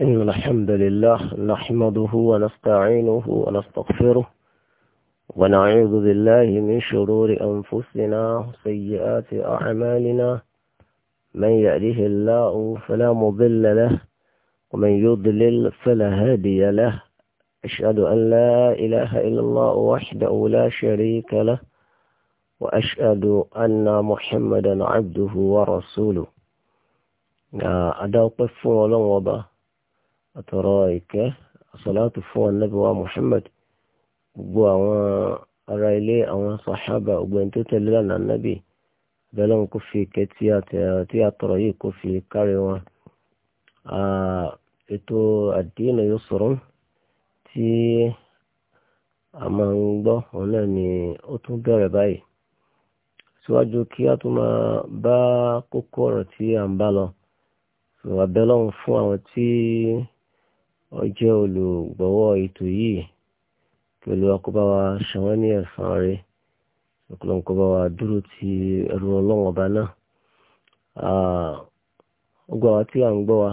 إن الحمد لله نحمده ونستعينه ونستغفره ونعوذ بالله من شرور أنفسنا وسيئات أعمالنا من يأله الله فلا مضل له ومن يضلل فلا هادي له أشهد أن لا إله إلا الله وحده لا شريك له وأشهد أن محمدا عبده ورسوله أدعو قفوا لنوبه àtọ̀rọ̀ ìkẹ́ àsọ̀láàtù fún ànábì wa Muhammad gbogbo àwọn ara ilé àwọn sahaba ògbẹ́ni tó tẹ̀lé lánàá ànábì bẹ́ẹ̀ lọ́n kó fi ìkẹ́ tí yìí kó fi wọn. ètò àdínà yóò sọ̀rọ̀ tí a máa ń gbọ́ òun ni ó tún bẹ̀rẹ̀ báyìí síwájú kí a tún máa bá kókó ọ̀rọ̀ tí ń bá lọ. ọjọ́ olùgbọ́wọ́ ètò yìí kí olúwa wa wọ́n ní ẹ̀san rẹ̀ ọkùnrin wa dúró ti ẹrù ọlọ́wọ́n ọba náà ọgbà wa tí a ń gbọ́ wa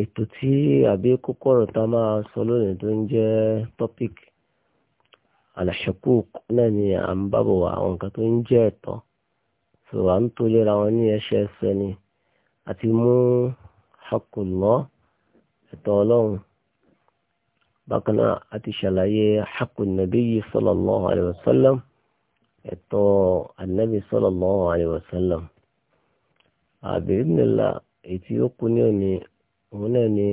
ètò tí àbí kókó ọ̀rọ̀ tá a máa sọ lónìí tó ń jẹ́ topic náà ni à ẹ̀tọ́ ọlọ́run bákan náà a ti ṣàlàyé haqqun nabiyyi sallallahu alayhi wa sallam ẹ̀tọ́ anabi sallallahu alayhi wa sallam àbẹ̀rẹ̀mìlá èyí tí ó kú ní òní òun náà ni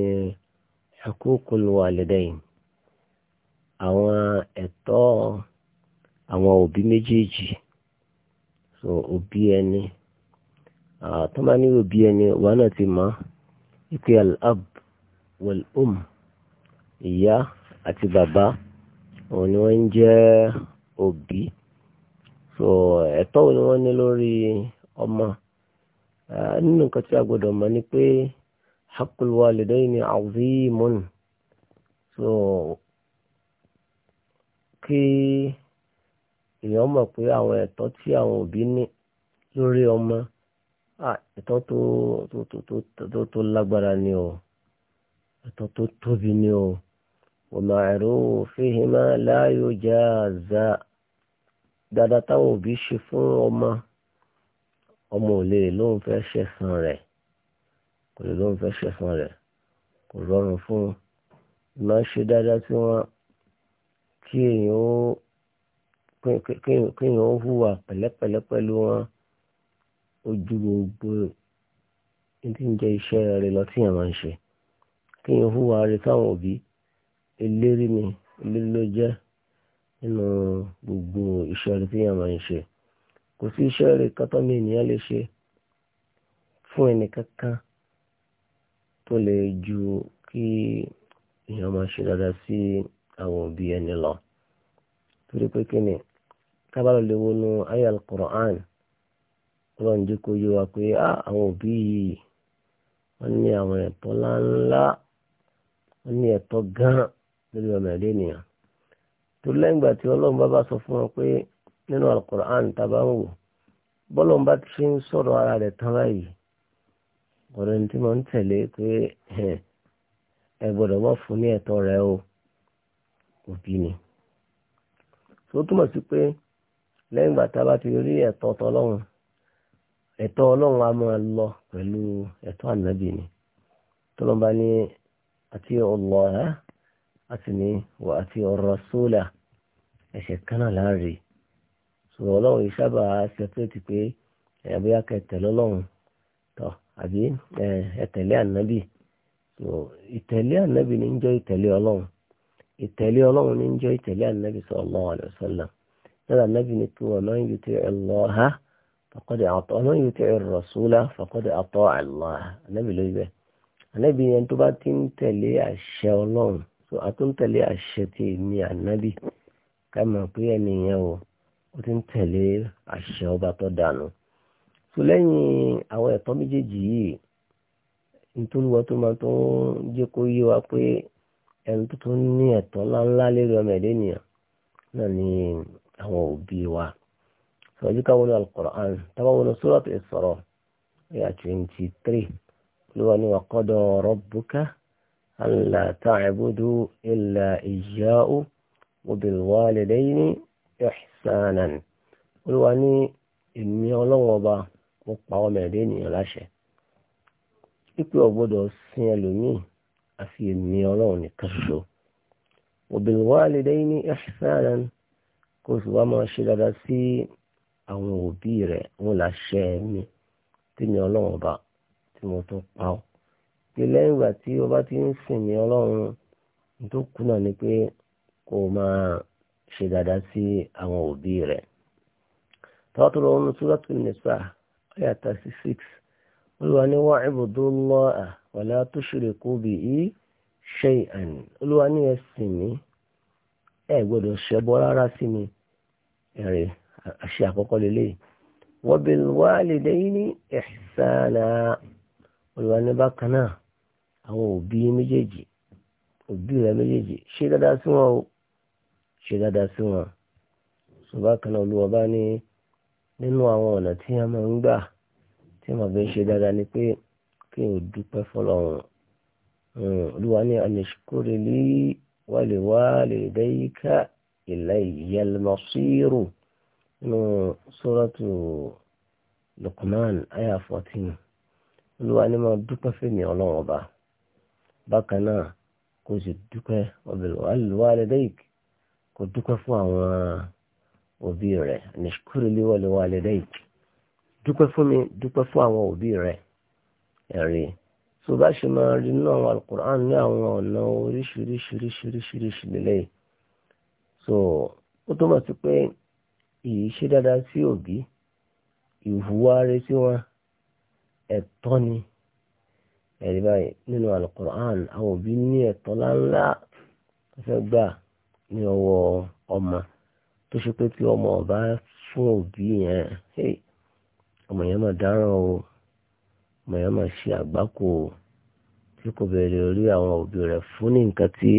huququl walidayn àwọn ẹ̀tọ́ àwọn òbí méjèèjì so òbí ẹni tó máa ní òbí ẹni wà náà ti mọ̀ ike al wal um ìyá àti bàbá òun ni wọ́n ń jẹ́ òbí so ẹ̀tọ́ wo ni wọ́n ní lórí ọmọ nínú nǹkan tí a gbọ́dọ̀ mọ̀ ni pé haqqul walidayni azimun so kí èèyàn mọ̀ pé àwọn ẹ̀tọ́ tí àwọn òbí ní lórí ọmọ ẹ̀tọ́ tó lágbára ni o ẹ̀tọ́ tó tóbi ni o wa ma'rufu fihima la yujaza dáadáa táwọn òbí ṣe fún ọmọ ọmọ ò lè lóun fẹ́ ṣẹ̀san rẹ̀ kò lè lóun fẹ́ ṣẹ̀san rẹ̀ kò rọrùn fún un máa ṣe dáadáa tí wọ́n kí èèyàn ó kí èèyàn ó hùwà pẹ̀lẹ́pẹ̀lẹ́ pẹ̀lú wọn ojú gbogbo ní ti ń jẹ́ iṣẹ́ rẹ̀ lọ tí máa ń ṣe kí n hùwà rẹ káwọn òbí eléré ni eléré ló jẹ́ nínú gbogbo iṣẹ́ rẹ tí yàn máa ń ṣe kò sí iṣẹ́ rẹ kátọ́ mi ènìyàn lè ṣe fún ẹnì kankan tó lè ju kí èèyàn máa ṣe dáadáa sí àwọn òbí ẹni lọ torí pé kí ni kábàlọ́ lè wọnú ayé al ọlọ́run jẹ́ kó yé wa pé ah, àwọn òbí yìí wọ́n ní àwọn ẹ̀tọ́ ńláńlá ó ní ẹ̀tọ́ gan-an lórí ọmọ ẹ̀dẹ́ ènìyàn tó lẹ́yìn ìgbà tí ọlọ́run bá bá sọ fún wọn pé nínú alukur'an ń wò bọ́lọ́run bá ti ṣe ń sọ̀rọ̀ ara rẹ̀ tán báyìí ọ̀rọ̀ ẹni tí mo ń tẹ̀lé pé ẹ gbọ́dọ̀ wọ́n fún o òbí ni tó túmọ̀ sí pé lẹ́yìn ìgbà tá a bá ti rí ẹ̀tọ́ tọlọ́run ẹ̀tọ́ ọlọ́run á máa lọ pẹ̀lú ẹ̀tọ́ ànábì ni أتيعوا الله أتني وأتيعوا الرسول أشكنا لاري sọ̀rọ̀ ọlọ́run yìí sábà ṣẹpẹ́tì pé ẹ̀yà bóyá kẹtẹ̀lé ọlọ́run tọ̀ àbí ẹ̀tẹ̀lé ànábì ìtẹ̀lé ànábì ní ń jẹ́ ìtẹ̀lé ọlọ́run ìtẹ̀lé ọlọ́run ní ń jẹ́ ìtẹ̀lé ànábì sallallahu alaihi wasallam náà ànábì ní pé wa man yuti'i Allaha faqad ata wa man yuti'i ar-rasula faqad ata Allah ànábì ló yẹ ànábì yẹn tó bá ti ń tẹ̀lé àṣẹ ọlọ́run so a tó ń tẹ̀lé àṣẹ ti ní ànábì ká mọ̀ pé ẹni yẹn o ó ti ń tẹ̀lé àṣẹ ọba tó dànù so lẹ́yìn àwọn ẹ̀tọ́ méjèèjì yìí nítorí wọ́n tó máa tó ń jẹ́ kó yé wa pé ẹni tó tó ní ẹ̀tọ́ ńláńlá lérí ọmọ ẹ̀dẹ́ nìyẹn náà ni àwọn òbí wa sọ̀rọ̀ yìí ká wọnú Al-Qur'an tábà wọnú Surat Isra ẹ̀yà twenty three ló wà ní wàkọ́dọ̀ rabbuka alla ta'budu illa iyyahu wa bil walidayni ihsanan ló wà ní èmi ọlọ́wọ́ ọba mo pa ọmọ ẹ̀dẹ́ ènìyàn láṣẹ pípé ọ̀gbọ́dọ̀ sin ẹlòmíì àfi èmi ọlọ́run nìkan ṣoṣo wa bil walidayni ihsanan kó sì wá máa ṣe dáadáa sí àwọn òbí rẹ̀ wọn làṣẹ mi tí mi ọlọ́run ọba tí mo tún pa ọ́ pé lẹ́yìn ìgbà tí o bá ti ń sìn ní ọlọ́run tó kù ni pé kó o máa ṣe dáadáa sí àwọn òbí rẹ̀ tọ́wọ́ tó lọ wọnú Suratul Nisa ayat thirty six olùwà ní wa'budullaha wa la tushriku bihi olùwà ní rárá sí mi ẹ̀rẹ̀ àṣẹ àkọ́kọ́ olùwà ní bákan náà àwọn òbí méjèèjì òbí rẹ méjèèjì ṣe dáadáa sí wọn o ṣe dáadáa sí wọn ṣùgbọ́n kan náà olúwa bá ní nínú àwọn ọ̀nà tí a máa ń gbà tí màá fi ń ṣe dáadáa ni pé kí n dúpẹ́ fọlọ́run hmm, olúwa ní anìṣkúrè lé wàlẹ̀ wàlẹ̀ dẹ́yíká ìlà ìyàlmọ́sírù nínú sóràtù Luqman aya fourteen olúwa ni máa dúpẹ́ fèmí ọlọ́run ọba bákan náà kò sì dúpẹ́ walidayk kò dúpẹ́ fún àwọn òbí rẹ̀ nishkurli walidayk dúpẹ́ fún mi dúpẹ́ fún àwọn òbí rẹ̀ ẹ̀rí tó bá ṣe máa rí nínú àwọn alukur'an ní àwọn ọ̀nà oríṣiríṣiríṣiríṣiríṣi lélẹ̀ so ó túmọ̀ sí pé ìṣe dáadáa sí òbí ìhùwà sí wọn ẹ̀tọ́ ni ẹ̀rí báyìí nínú alukur'an àwọn òbí ní ẹ̀tọ́ láńlá tó fẹ́ gbà ní ọwọ́ ọmọ tó ṣe pé tí ọmọ ọba fún òbí yẹn ọmọ yẹn máa dáràn o ọmọ yẹn máa ṣe àgbákò o tí kò bẹ̀rẹ̀ rí àwọn òbí rẹ̀ fún ní nǹkan tí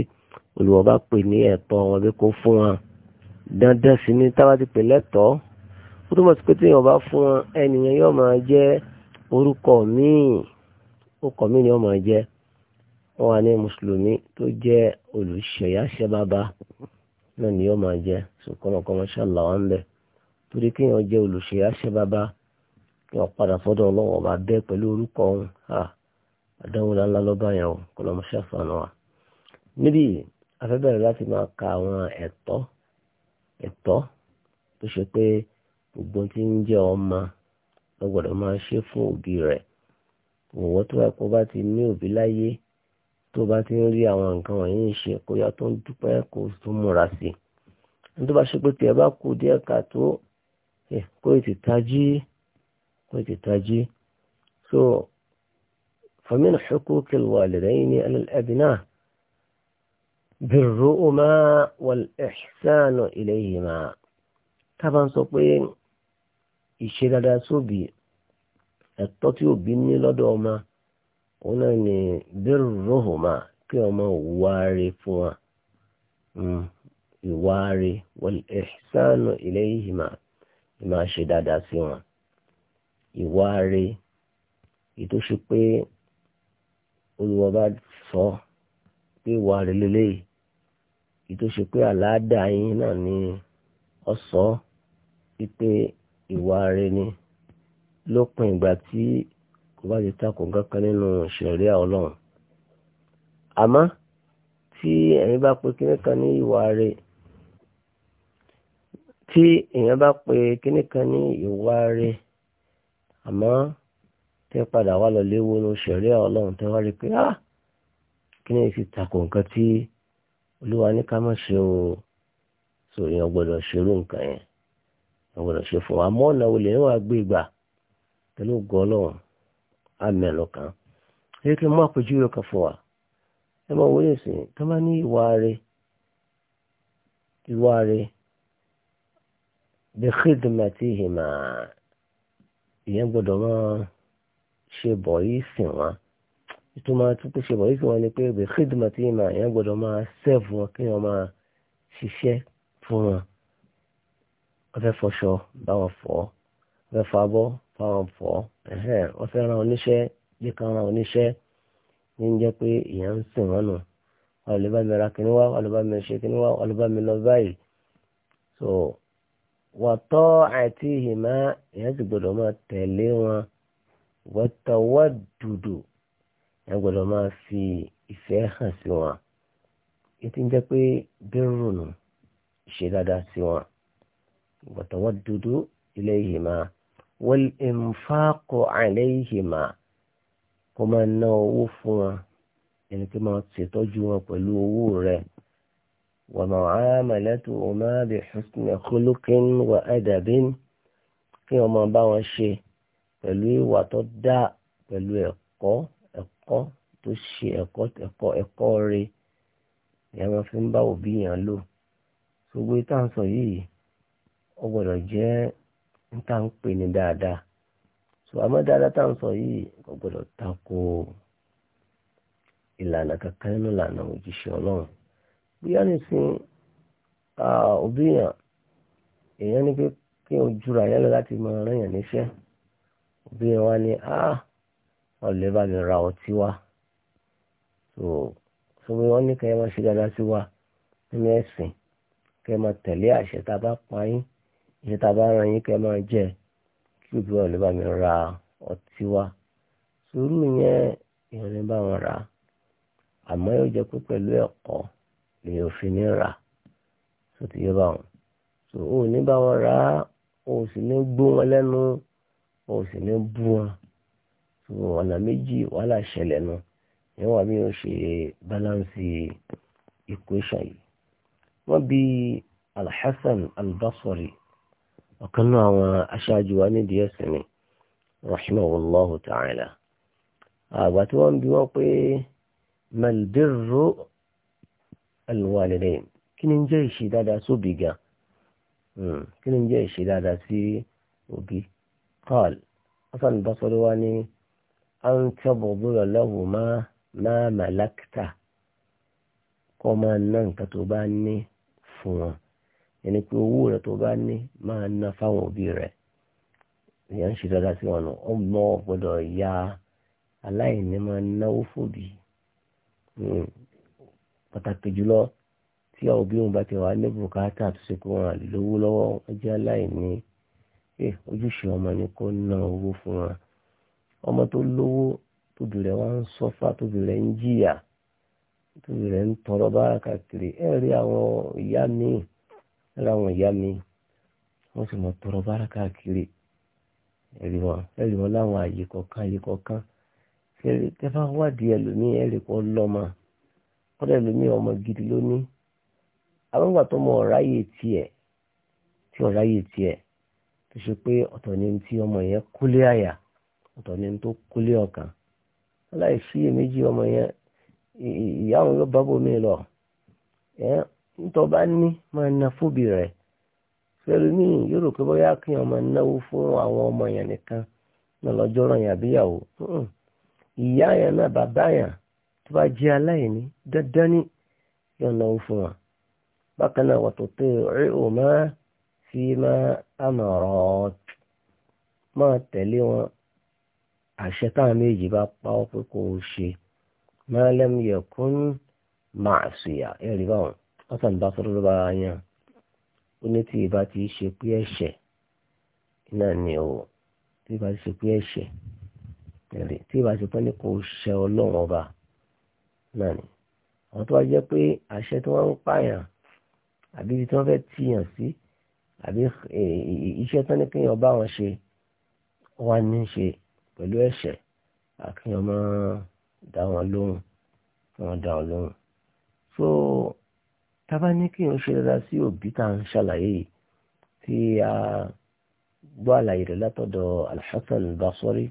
olùwọ́ bá pè ní ẹ̀tọ́ wọn bí kò fún wọn dandan sí ni táwa pè lẹ́tọ̀ọ́ ó túmọ̀ sí pé tí èèyàn bá fún ẹnìyẹn yóò máa jẹ́ orúkọ míì orúkọ míì ni ó máa jẹ́ wọ́n wà ní mùsùlùmí tó jẹ́ olùṣèyàṣẹ́ bàbá náà ni ó máa jẹ́ sùkọ́mọkọ́mọ ṣàlà wọn bẹ̀ torí kí wọ́n jẹ́ olùṣèyàṣẹ́ bàbá kí wọ́n padà fọ́dọ̀ ọlọ́wọ́ bá bẹ́ pẹ̀lú orúkọ ọ̀hún àdánwò ńlá lọ́ba yẹn o kọlọmọṣẹ́ fanu wa. níbi afẹ́bẹ̀rẹ̀ láti máa ka àwọn ẹ̀tọ́ ẹ̀tọ́ tó ṣe pé gbogbo tí ń jẹ́ ọmọ ló gbọ́dọ̀ máa ṣe fún òbí rẹ̀ òwò tó bá kó bá ti ní òbí láyé tó bá ti ń rí àwọn nǹkan wọ̀nyí ń ṣe kó yá tó ń dúpẹ́ kó tó múra sí i ní tó bá ṣe pé tiẹ̀ bá kú díẹ̀ ká tó kó ètè tají kó ètè tají so فمن حقوق الوالدين على الأبناء برهما والإحسان إليهما tá a bá ń sọ pé ìṣe dáadáa sóbì ẹ̀tọ́ tí òbí ní lọ́dọ̀ ọmọ òun náà ní bẹ́rù rọ́hùnmá kí ọmọ wáre fún wa mm, ìwáre wal-ihsānu ilayhimā ìmá ṣe dáadáa sí wọn ìwáre ètò ṣe pé olùwọ́ bá sọ pé wáre lélẹ́yìí ètò ṣe pé àlàáda yín náà ni ọ̀sọ́ wípé ìwà rẹ ni lópin ìgbà tí kò bá ti takò kankan nínú ṣẹ̀ríà ọlọ́run àmọ́ tí ẹ̀yin bá pe kíní kan ní ìwà rẹ tí èèyàn bá pe kíní kan ní ìwà rẹ àmọ́ tẹ́ padà wá lọ léwu nínú ṣẹ̀ríà ọlọ́run tẹ́ wá rí pé ah kíní ti takò nǹkan tí olúwa ní ká má ṣe o sòrìyàn gbọ́dọ̀ ṣerú nǹkan yẹn ọgbọ̀dọ̀ ṣe fún wa àmọ́ ọ̀nà olè ń wà gbé ìgbà pẹ̀lú ògùn ọlọ́run àmì ẹ̀lọ́ kan ẹ kí n má pèjú rẹ kan fún wa ẹ máa wọlé sí i tó bá ní ìwà rẹ ìwà rẹ bẹ́ẹ̀kìdìmọ̀tì ìhìmà ìyẹn gbọ́dọ̀ máa ṣe bọ̀ yìí sìn wọn ìtumọ̀ tó ṣe bọ̀ yìí sìn wọn ni pé bẹ́ẹ̀kìdìmọ̀tì ìhìmà ìyẹn gbọ́dọ̀ máa sẹ́ẹ̀fù wọn kí wọ́n máa ṣiṣẹ́ fún wọn wọ́n fẹ́ fọṣọ báwọn fọ̀ ọ́ wọ́n fẹ́ fabọ́ báwọn fọ̀ ọ́ wọ́n fẹ́ ran oníṣẹ́ bí kan ran oníṣẹ́ ní jẹ́ pé èèyàn ń sìn wọ́n nù wọ́n lè bá mi ra kíní wá wọ́n lè bá mi ṣe kíní wá wọ́n lè bá mi lọ báyìí so wọ́tọ́ àti ìhìnmá èèyàn sì gbọ́dọ̀ máa tẹ̀lé wọn wọ́tọ́wọ́ dùdù èèyàn gbọ́dọ̀ máa fi ìfẹ́ hàn sí wọn ètí ń jẹ́ pé bírù nù ṣe dáadáa sí wọn watawaddudu ilayhima wal infaqu alayhima kó máa ná owó fún wọn ẹni pé máa ṣètọ́jú wọn pẹ̀lú owó rẹ wa mu'amalatuhuma bi husni khuluqin wa adabin kí wọn máa bá wọn ṣe pẹ̀lú ìwà tó dáa pẹ̀lú ẹ̀kọ́ ẹ̀kọ́ tó ṣe ẹ̀kọ́ ẹ̀kọ́ ẹ̀kọ́ rẹ ìyá máa fi ń bá òbí yẹn lò gbogbo ìtàn sọ yìí ó gbọ́dọ̀ jẹ́ níta ń pè ní dáadáa so àmọ́ dáadáa tá à ń sọ yìí ó gbọ́dọ̀ tako ìlànà kankan nínú ìlànà òjíṣẹ́ ọlọ́run bóyá nìsín òbí yàn èèyàn ní pé kí n jura yẹn lọ láti mọ ọ̀ràn yàn níṣẹ́ òbí yàn wá ní a ọ̀lẹ́ bá mi ra ọtí wá so so bí wọ́n ní kẹ́ ẹ máa ṣe dáadáa sí wa nínú ẹ̀sìn kẹ́ ẹ máa tẹ̀lé àṣẹ tá a bá pa yín ìṣe tá a bá ran yín kẹ́ máa jẹ kí òbí wọn lè bá mi ra ọtí wá sùúrù yẹn èèyàn lè bá wọn rà àmọ́ yóò jẹ́ pé pẹ̀lú ẹ̀kọ́ lèèyàn fi ní rà tó ti yé bá wọn so ó ní bá wọn rà á sì ní gbó wọn lẹ́nu ó sì ní bú wọn so ọ̀nà méjì wàhálà ṣẹlẹ̀ nu ìyẹn wà bí yóò ṣe bálánsì equation yìí wọ́n bí Al-Hasan al ọ̀kan náà àwọn aṣáájú wa nídìí ẹ̀sìn ni rahimahullahu ta'ala àgbà tí wọ́n ń bi wọ́n pé malbirru alwalidain kí ni ń jẹ́ ìṣe dáadáa sóbì gan hmm, kí ni ń jẹ́ ìṣe dáadáa sí òbí qal hasan basri wa ni an tabdula lahuma ma malakta kọ́ máa ná nǹkan tó bá ní fún wọn ẹni pé owó rẹ tó bá ní máa ná fáwọn òbí rẹ èèyàn ń ṣe dáadáa sí wọn ọmọ gbọ́dọ̀ ya aláìní máa náwó fòbí hmm. pàtàkì jùlọ tí àwọn òbí wọn bá ti wà ní bùkátà tó ṣe pé wọn à lówó lọ́wọ́ aláìní eh, ojúṣe ọmọ ni kó ná owó fún wọn ọmọ tó lówó tóbi rẹ̀ wá ń sọ́fà tóbi rẹ̀ ń jìyà tóbi rẹ̀ ń tọrọ bára kàkiri ẹ rí àwọn ìyá míì láwọn ìyá mi wọ́n sì mọ̀ tọrọ bára káàkiri ẹ̀rí wọn ẹ̀rí wọn láwọn àyè kọ̀ọ̀kan àyè kọ̀ọ̀kan tẹ́fà wádìí ẹlòmíì ẹ̀rí kọ́ lọ́mọ kọ́dọ̀ ẹlòmíì ọmọ gidi lónìí àwọn tó mọ ọ̀rá yìí tiẹ̀ tí ọ̀rá yìí tiẹ̀ tó ṣe pé ọ̀tọ̀ ni tí ọmọ yẹn kúlé àyà ọ̀tọ̀ ni tó kúlé ọkàn láì sí èméjì ọmọ yẹn ìyá òun ló bá bòmí lọ nítorí bá ní máa na fóbi rẹ̀ fẹlẹ́mìí yóò rò pé bóyá kí ọmọ náwó fún àwọn ọmọ yẹn nìkan náà lọ́jọ́ ràn yàn àbíyàwó ìyá yẹn náà bàbá yẹn tó bá jẹ́ aláìní dandan ní yóò náwó fún wọn bákan náà wọ́n tó tẹ rí òmá fi máa àmọ̀ràn máa tẹ̀lé wọn àṣẹ táwọn méjì bá pa ọ́ pé kò ṣe máa lẹ́mú yẹ kún màá ṣùyà ẹ̀rí báwọn hasan basoro ló bá yan ó ní tí ìbá ti ṣe pé ẹ̀ṣẹ̀ náà ni o tí ìbá ti ṣe pé ẹ̀ṣẹ̀ tẹ̀lé tí ìbá ti pẹ́ ní kò ṣẹ ọlọ́run ọba náà ni àwọn tó wá jẹ́ pé àṣẹ tí wọ́n ń pààyàn àbí ibi tí wọ́n fẹ́ tìyàn sí àbí iṣẹ́ tán ní kéèyàn bá wọn ṣe wá ní ṣe pẹ̀lú ẹ̀ṣẹ̀ àkínyàn máa dá wọn lóhùn wọn dá wọn lóhùn so tábà ní kí n ṣe dáadáa sí òbí tá à ń ṣàlàyé yìí tí a gbọ́ àlàyé rẹ̀ látọ̀dọ̀ Al-Hasan Al-Basri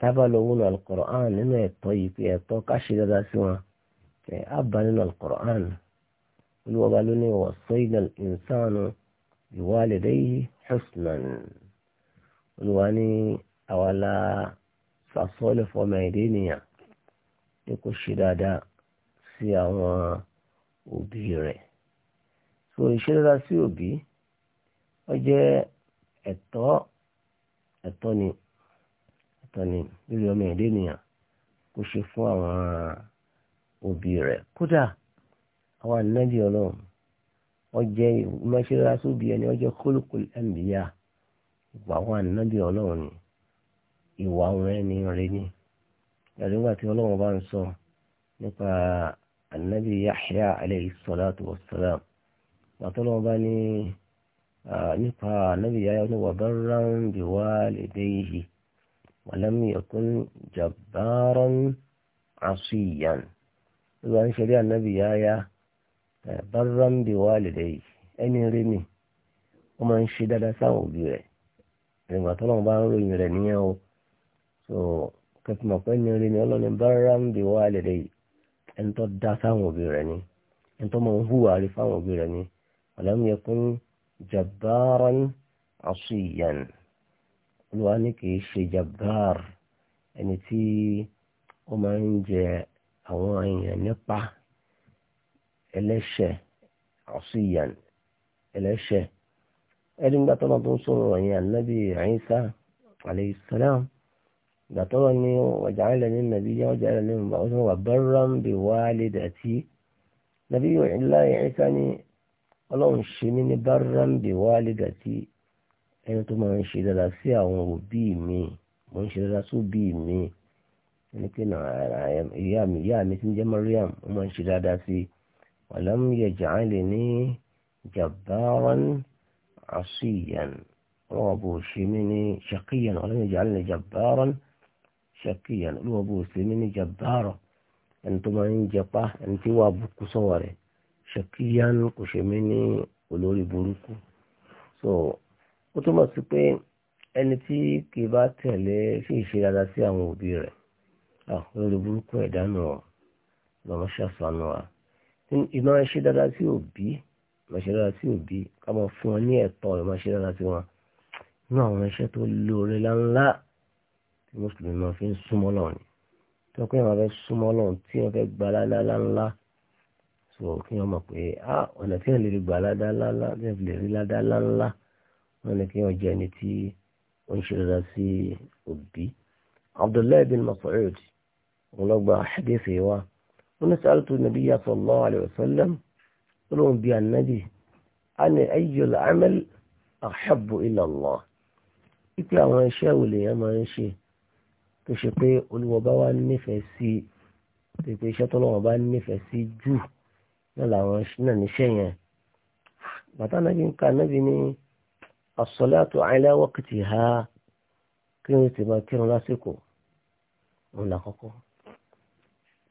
tábà lọ wọnú Al-Qur'an nínú ẹ̀tọ́ yìí pé ẹ̀tọ́ ká ṣe dáadáa sí wọn ẹ̀ á bá nínú al olùwọ́ba ló ní wasaina al-insana biwalidayhi husnan olùwà ní àwàlà sàsọ́ọ̀lẹ̀ fọmọ ẹ̀dẹ́ nìyà ní ṣe dáadáa sí àwọn òbí rẹ̀ so iṣẹ́ dára sí òbí ó jẹ́ ẹ̀tọ́ ẹ̀tọ́ ni ẹ̀tọ́ ni lórí ọmọ ẹ̀dẹ́ ènìyàn kó ṣe fún àwọn òbí rẹ̀ kódà àwọn ànábì ọlọ́run wọ́n jẹ́ ìmọ̀ṣẹ́ra sóbi ẹni wọ́n jẹ́ kólókòló ẹ̀mìyà ìwà àwọn ànábì ọlọ́run ni ìwà àwọn ẹni rẹ̀ ni ẹ̀rí nígbà tí ọlọ́run bá ń sọ nípa anabi Yahya alayhi salatu wa salam wàtọ́lọ́ bá ní nípa anabi Yahya ní wa barran bi walidayhi wa lam yakun jabbaran asiyan lọ́wọ́ ń ṣeré anabi Yahya barran bi walidayhi ẹni rí ni wọ́n máa ń ṣe dáadáa sáwọn òbí rẹ̀ ìgbà tọ́lọ́run bá ń ròyìn rẹ̀ nìyẹn o so kẹfìmọ̀ pé ní ọlọ́ni bá rà ẹni tó dá sáwọn òbí rẹ̀ ni ẹni tó mọ̀ ń hùwà rí fáwọn òbí rẹ̀ ni ọ̀làmú yẹ kún jabbaran asiyan olùwà ni kì í ṣe jabbar ẹni tí ó máa ń jẹ àwọn èèyàn nípa ẹlẹ́ṣẹ̀ asiyan ẹlẹ́ṣẹ̀ ẹni gbàtọ́ tó ń sọ̀rọ̀ yẹn ànábì Ìsá alayhi salam gbàtọ́rọ̀ ni ọjà ilẹ̀ ní nàbí yẹn ọjà ilẹ̀ ní mọ̀ ọ́sán wà barran bi walidati nàbí láyé ẹ̀ka ní ọlọ́run ṣe mí ní barran bi walidati ẹni tó máa ń ṣe dáadáa sí àwọn òbí mi mo ń ṣe dáadáa sí òbí mi ẹni pé ìyá mi ìyá mi ti ń jẹ́ Mariam ó máa ń ṣe dáadáa sí walam yaj'alni jabbaran asiyan ọlọ́run bò ṣe mí ní shaqiyan walam yaj'alni jabbaran asiyan ṣàkíyàn olúwa bó ṣe mí ní jàbáàrọ̀ ẹni tó máa ń jẹpá ẹni tí wàá bùkún sọ̀wọ́ rẹ̀ ṣàkíyàn kò ṣe mí ní olórí burúkú so ó túmọ̀ sí pé ẹni tí kì í bá tẹ̀lé ṣì ń ṣe dáadáa sí àwọn òbí rẹ̀ olórí burúkú ẹ̀dá náà lọ́mọ ṣàṣàánú wa ìmọ̀ ṣe dáadáa sí òbí ìmọ̀ ṣe dáadáa sí òbí ká máa fún wọn ní ẹ̀tọ́ ìmọ̀ ṣe sí wọn inú àwọn iṣẹ́ tó lóore láńlá mùsùlùmí máa fi ń súnmọ́ lọ́wọ́ ni tó kí wọn fẹ́ súnmọ́ lọ́wọ́ tí wọn fẹ́ gba aládàá ńlá so kí wọn mọ̀ pé ah ọ̀nà tí wọn lè gba aládàá ńlá tí wọn lè rí aládàá ńlá wọn ni kí wọn jẹ ẹni tí ó ń ṣe dáadáa sí òbí Abdullahi bin Mas'ud òun lọ gba wa wọn ní sàlùtù nabiyya sallallahu alayhi wa sallam wọn lòun bí anabi ani ayyul amal ahabbu ila Allah ipe àwọn iṣẹ́ wo lèèyàn máa ń ṣe tó ṣe pé olùwọba wa nífẹ̀ẹ́ sí tó ṣe pé iṣẹ́ tọ́lọ́wọ́n bá nífẹ̀ẹ́ sí jù náà làwọn náà níṣẹ́ yẹn bàtà nàbí ń ka nàbí ní as-salatu ala waqtiha kí wọ́n ti kírun lásìkò òun là kọ́kọ́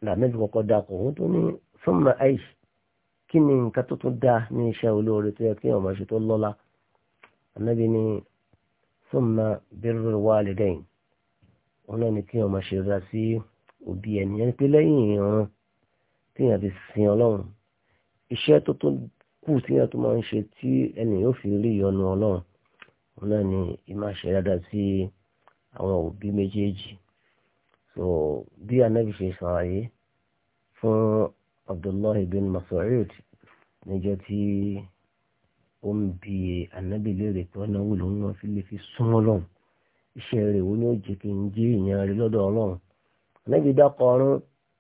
làmẹ́bí kọ́kọ́ da kò wọ́n tó ní thumma ay kí ni nǹkan tó tún dáa ní iṣẹ́ olóore tó yẹ kí ọmọ ṣe tó lọ́la ànábì ní thumma birrul walidayn wọn náà ni kí wọn máa ṣe ra sí òbí ẹni ẹni pé lẹ́yìn ìran téèyàn ti sin ọlọ́run iṣẹ́ tó tó kù téèyàn tó máa ń ṣe tí ẹni yóò fi rí ìyọ́nú ọlọ́run wọn ni ìmáa ṣe dáadáa sí àwọn òbí méjèèjì so bí anabi ṣe ṣàlàyé fún abdullahi bin masoud níjọ́ tí ó ń bi anabi léèrè pé ọ̀nà wo lòun náà fi lè fi súnmọ́ lọ́hùn iṣẹ́ iwu wo ni ó jẹ́ kí n jí ìyẹn rẹ̀ lọ́dọ̀ ọlọ́run anábì dákọ̀ ọ̀run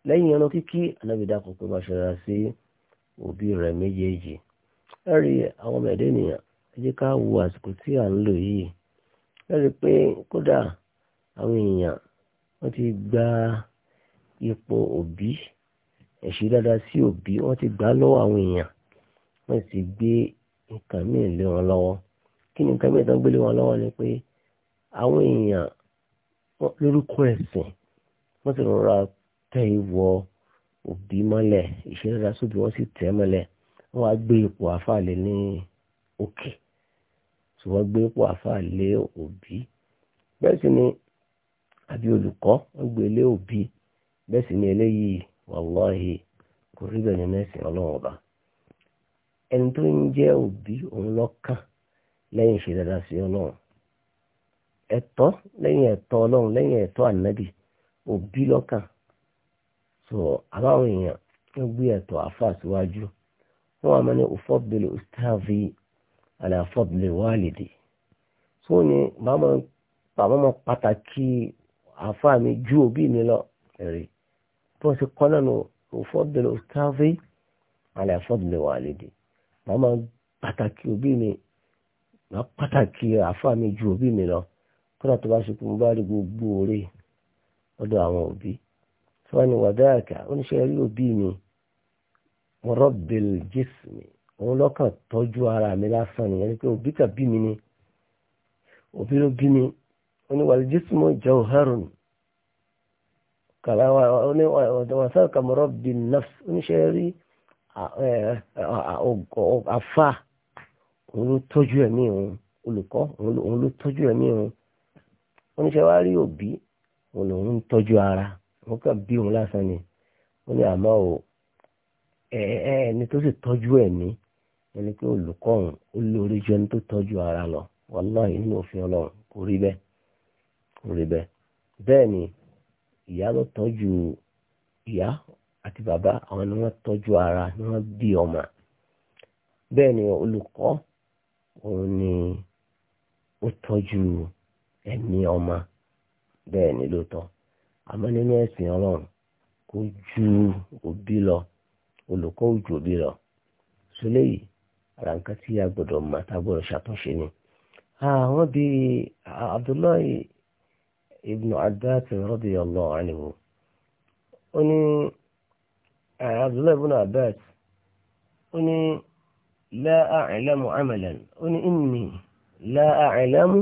lẹ́yìn ẹran kíkí anábì dákọ̀ pé máa ṣọ́ra sí òbí rẹ̀ méjèèjì ẹ rí àwọn ọmọ ẹ̀dẹ́ ènìyàn ẹ ká wo àsìkò tí à ń lò yìí ẹ pé kódà àwọn èèyàn wọ́n ti gba ipò òbí ẹ̀ṣẹ̀ dáadáa sí òbí wọ́n ti gbà lọ́wọ́ àwọn èèyàn wọ́n àwọn èèyàn lórúkọ ẹ̀sìn wọ́n sì rọra tẹ ìwọ òbí mọ́lẹ̀ ìṣẹ́dára sóbì wọ́n sì tẹ̀ mọ́lẹ̀ wọ́n wá gbé ipò àfàlẹ́ ní òkè tí gbé ipò àfàlẹ́ òbí bẹ́ẹ̀ sì ni àbí olùkọ́ wọ́n gbé lé òbí bẹ́ẹ̀ sì ni eléyìí wàláhì kò rí bẹ́ẹ̀ nínú ẹ̀sìn ọlọ́run ọba ẹni tó ń jẹ́ òbí òun lọ́kàn lẹ́yìn sí ọlọ́run ẹ̀tọ́ lẹ́yìn ẹ̀tọ́ ọlọ́run lẹ́yìn ẹ̀tọ́ ànábì òbí lọ́kàn so àbáwọn èèyàn ń gbé ẹ̀tọ́ àfa síwájú wọn àmọ́ ní ufaddilu ustavi ala fadli walidi so ní bàbá mọ pàtàkì àfa mi ju òbí mi lọ rí bó ṣe kọ́ náà ní ufaddilu ustavi ala fadli walidi bàbá pàtàkì òbí mi bàbá pàtàkì àfa ju òbí mi lọ kódà tó bá ṣe kó bá rí gbogbo oore ọ̀dọ̀ àwọn òbí fún ẹni wàdáàkà oníṣẹ́ rí òbí mi rọ́bìl jésìmì òun lọ́kàn tọ́jú ara mi lásán nìyẹn ni pé òbí kà bí mi ni òbí ló bí mi oníwàlú jésìmì jẹ́ òhẹ́rùn kàláwà oníwàsáàkà rọ́bìl nafs oníṣẹ́ rí àfà òun ló tọ́jú ẹ̀mí òun olùkọ́ òun ló tọ́jú ẹ̀mí òun. wọ́n ní ṣe wá rí òbí òun tọ́jú ara wọ́n kàn bí òun lásán ni wọ́n ní àmọ́ ò ẹni tó sì tọ́jú ẹ̀ ní ẹni ara lọ wàláhì nínú òfin ọlọ́run kò rí bẹ́ẹ̀ kò rí bẹ́ẹ̀ ni ìyá ló tọ́jú ìyá àti bàbá àwọn ni wọ́n ara ni wọ́n bí ọmọ bẹ́ẹ̀ ni olùkọ́ òun ni ó tọ́jú ẹ̀mí ọmọ bẹ́ẹ̀ ni ló tọ́ àmọ́ nínú ẹ̀sìn ọlọ́run kò ju òbí lọ olùkọ́ ò ju òbí lọ sọlẹ́ yìí ara nǹkan tí a gbọ́dọ̀ mọ̀ tá a gbọ́dọ̀ ṣàtúnṣe ni. àwọn bíi Abdullahi ibn Abbas radiyallahu anhu ó ní eh, Abdullahi ibn Abbas ó ní la a'lamu amalan ó ní inni la a'lamu.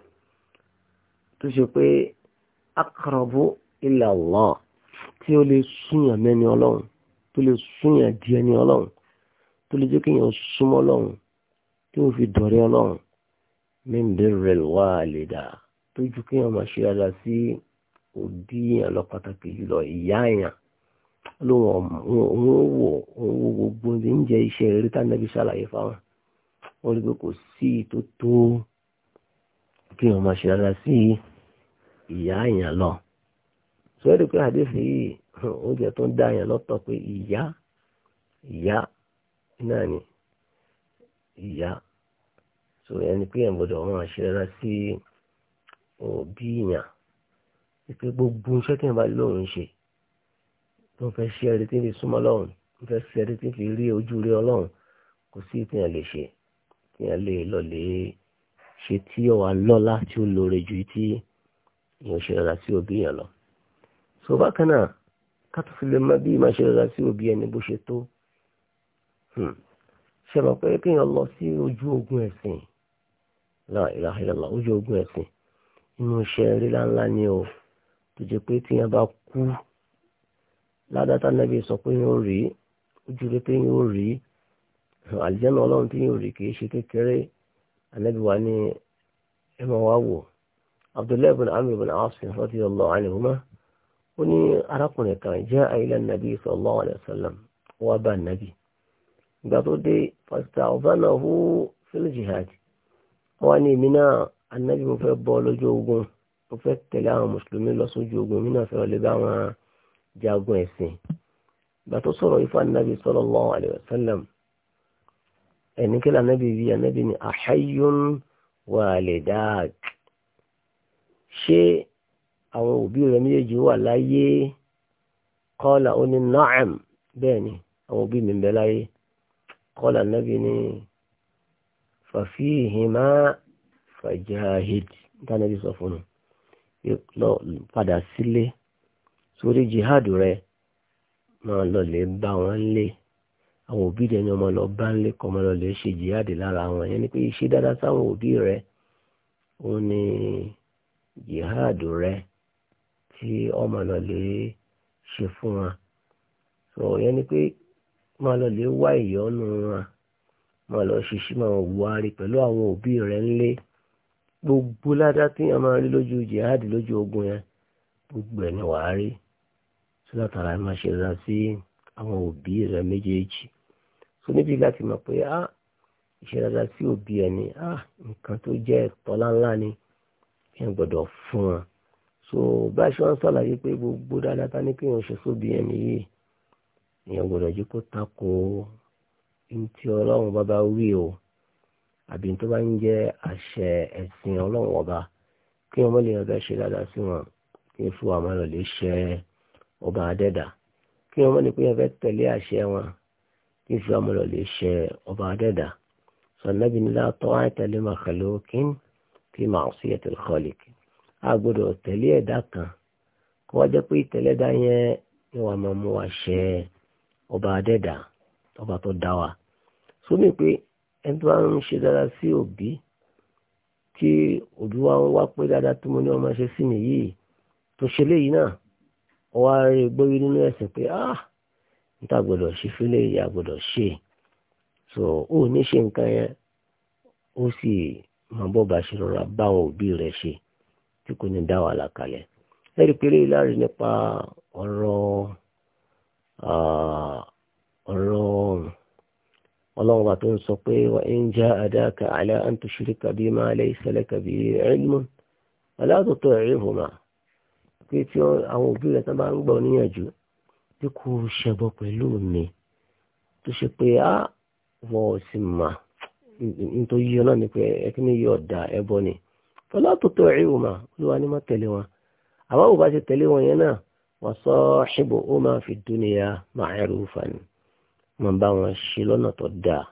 tó ṣe pé akarabu ila Allah tí ó lè súnyàn mẹ́ni ọlọ́run tó lè súnyàn di ẹni ọlọ́run tó lè jẹ́ kí èèyàn súnmọ́ ọlọ́run tí ó fi dọ̀rẹ́ ọlọ́run min birril walida tó ju kí èèyàn máa ṣe ara sí òbí èèyàn lọ pàtàkì jùlọ ìyá èèyàn lóun òun ó wò òun wo gbogbo ní jẹ iṣẹ́ eré tánàbí ṣàlàyé fáwọn wọn rí pé kò sí tó tó kí èèyàn máa ṣe ara sí i ìyá èèyàn lọ sọ́ọ́dì pé àdéhùn yìí oúnjẹ tó ń dá èèyàn lọ́tọ̀ pé ìyá ìyá náà ni ìyá so ẹni pé èèyàn gbọ́dọ̀ máa ṣe rárá sí òbí èèyàn pé gbogbo iṣẹ́ tí wọ́n bá lóun ṣe tó ń fẹ́ ṣe ẹni tí ń fi súnmọ́ lọ́hùn tó ń fẹ́ ṣe ẹni tí ń fi rí ojú rí ọlọ́hùn kò sí tí wọ́n lè ṣe tí wọ́n lè lọ lè ṣe tí ó wà lọ́lá tí ó lóore ju tí èèyàn ṣe rárá sí òbí yẹn lọ so bákan náà kátó fi lè mọ bí ìmọ̀ ṣe rárá sí òbí ẹni bó ṣe tó hmm. ṣe mọ̀ pé kéèyàn lọ sí ojú ogun ẹ̀sìn la ilaha illallah ojú ogun ẹ̀sìn inú iṣẹ́ ríra ńlá ni o tó jẹ́ pé tíyẹn bá kú ládàtà nàbí sọ pé yóò rí ojú rẹ pé yóò rí àlìjẹ́nà ọlọ́run tí yóò rí kì í ṣe kékeré ànábì wa ẹ máa wá wò abdullahi bin amir bin asim radiyallahu anhuma ó ní arákùnrin kan jẹ́ ila nàbí sallallahu alayhi wa sallam wá bá nàbí ìgbà tó dé fasta'dhanahu fil jihad wọ́n ní èmi náà anábì mo fẹ́ bọ́ lójú ogun mo fẹ́ tẹ̀lé àwọn mùsùlùmí lọ sójú ogun èmi náà fẹ́ lè bá wọn jagun ẹ̀sìn ìgbà tó sọ̀rọ̀ ifá anábì sallallahu alayhi wa sallam ẹ̀níkẹ́lẹ̀ anábì wí anábì ní ahayyun walidak ṣé àwọn òbí rẹ̀ méjèèjì wà láyé kọ́lá ó ní na'am bẹ́ẹ̀ ni àwọn òbí mi ń bẹ láyé kọ́lá nábì ní fàfihìmá fàjáhìd dánàbí sọ fún un lọ padà sílé sórí jihad rẹ máa lọ lè bá wọn lé àwọn òbí rẹ ni ọmọ lọ bá ń lé kọ lọ lè ṣe jihad lára wọn yẹn ni pé ṣe dáadáa sáwọn òbí rẹ òun ni. jihad rẹ tí ọmọ lọ lè ṣe fún wa sọ yẹn ni pé máa lọ lè wá ìyọ́nú wa máa lọ ṣiṣẹ́ máa wọ arí pẹ̀lú àwọn òbí rẹ ńlé gbogbo ládá tí a máa rí lójú jihad lójú ogun yẹn gbogbo ẹ̀ wà wàá rí sí látara máa ṣe ra sí àwọn òbí rẹ méjèèjì so níbi láti mọ̀ pé ah ìṣe dáadáa sí òbí ẹni ah nǹkan tó jẹ́ ẹ̀tọ́ láńlá ni ẹ̀ gbọ́dọ̀ fún wọn so bá a ṣe wọn ṣàlàyé pé gbogbo dáadáa ta ní kí wọn ṣe sóbi ẹ̀mí yìí èèyàn gbọ́dọ̀ jí kó tako ntí ọlọ́run bá bá wí o àbí tó bá ń jẹ́ àṣẹ ẹ̀sìn ọlọ́run ọba kí wọn mọ̀lẹ́ ọba ṣe dáadáa sí wọn kí fún wa máa lọ lè ṣe ọba adẹ́dà kí wọn mọ̀lẹ́ pé wọn fẹ́ tẹ̀lé àṣẹ wọn kí fún wa máa lọ lè ṣe ọba adẹ́dà sọ̀nàbí ni látọ̀ àìtẹ̀lé màkàlókín. So, fi ma'siyatil khaliq a gbọ́dọ̀ tẹ̀lé ẹ̀dá kan kó wá jẹ́ pé ìtẹ̀lẹ́dá yẹn ni wàá máa mú wa ṣẹ ọba adẹ́dà ọba tó dá wa sómi pé ẹni tó bá ń ṣe dáadáa sí òbí tí òbí wa ń wá pé dáadáa tó mo ní ọmọ ṣe sí mi yìí tó ṣe léyìí náà wọ́n á rí gbóyè nínú ẹ̀sìn pé ah níta gbọ́dọ̀ ṣe fílẹ̀ yìí a ṣe so ó ní ṣe nǹkan yẹn ó sì máa bọ́ bá ṣe rọra báwọn òbí rẹ̀ ṣe tí kò ní dá wàhálà kalẹ̀ ẹ̀rí péré láàrin nípa ọ̀rọ̀ ọ̀rọ̀ ọlọ́run bá tó ń sọ pé wa in jahadaka ala an tushrika bima laysa laka bihi ilmun fala tuti'huma pé tí àwọn òbí rẹ̀ tó bá ń gbọ́ níyànjú tí kò ṣẹbọ pẹ̀lú mi tó ṣe pé á wọ́n sì máa tó yí ọ náà ni pé ẹkí ni yóò da ẹbọ ni fọlá tó tó ẹ̀rí olúwa ni má tẹ̀lé wọn àwa ò bá ti tẹ̀lé wọn yẹn náà wọ́n sọ ṣìbò ó máa fi dúnìyà máa ẹrù fani máa bá wọn ṣe lọ́nà tó dáa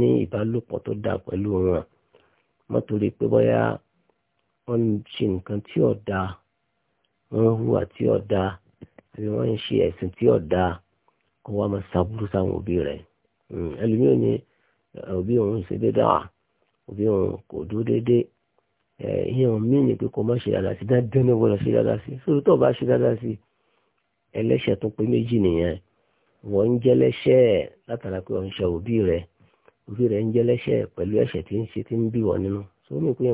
ní ìbálòpọ̀ tó dáa pẹ̀lú wọn wọ́n torí pé bóyá wọ́n ń ṣe nǹkan tí ò wọ́n hùwà tí ò àbí wọ́n ń ṣe ẹ̀sìn tí ò kó wá máa ṣàbùrù sáwọn òbí rẹ̀ ẹlòmíràn ni. òbí òun ṣe dédá òbí òun kò dúró dédé ihe mí ni pé kò má ṣe dáadáa sí dáadáa ní gbọ́dọ̀ ṣe dáadáa sí sórí tó bá ṣe dáadáa sí ẹlẹ́ṣẹ̀ tó pé méjì nìyẹn wọ́n ń jẹ́lẹ́ṣẹ̀ látara pé ṣe òbí rẹ òbí ń tí ń ṣe tí ń bí nínú sórí mi pé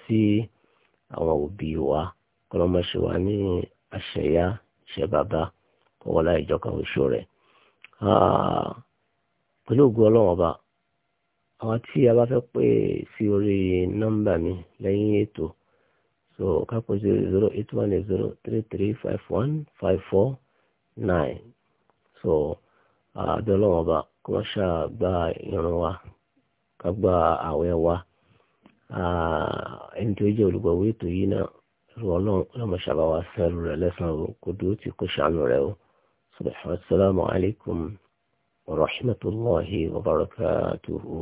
bí àwọn òbí wa kọlọmọṣẹ wa ní àṣẹyá ṣẹ bàbá kọwọlá ìjọkan oṣù rẹ pẹ̀lú ògùn Ọlọ́run ọba àwọn tí a bá fẹ́ pè sí orí nọ́mbà mi lẹ́yìn ètò so kápẹ́ zero zero eight one zero three three five one five four nine so àbí Ọlọ́run ọba kọmọṣẹ gba ìrun wa ká gba wa. Ah, ẹni tó jẹ́ olùgbọ̀wé ètò yìí náà ẹ̀rọ ọlọ́run ṣàbá wa sẹ́rù rẹ̀ lẹ́sàn-án o kò dúró tí kò ṣàánú rẹ̀ o subhanahu wa alaykum rahmatulahi wa barakatuhu.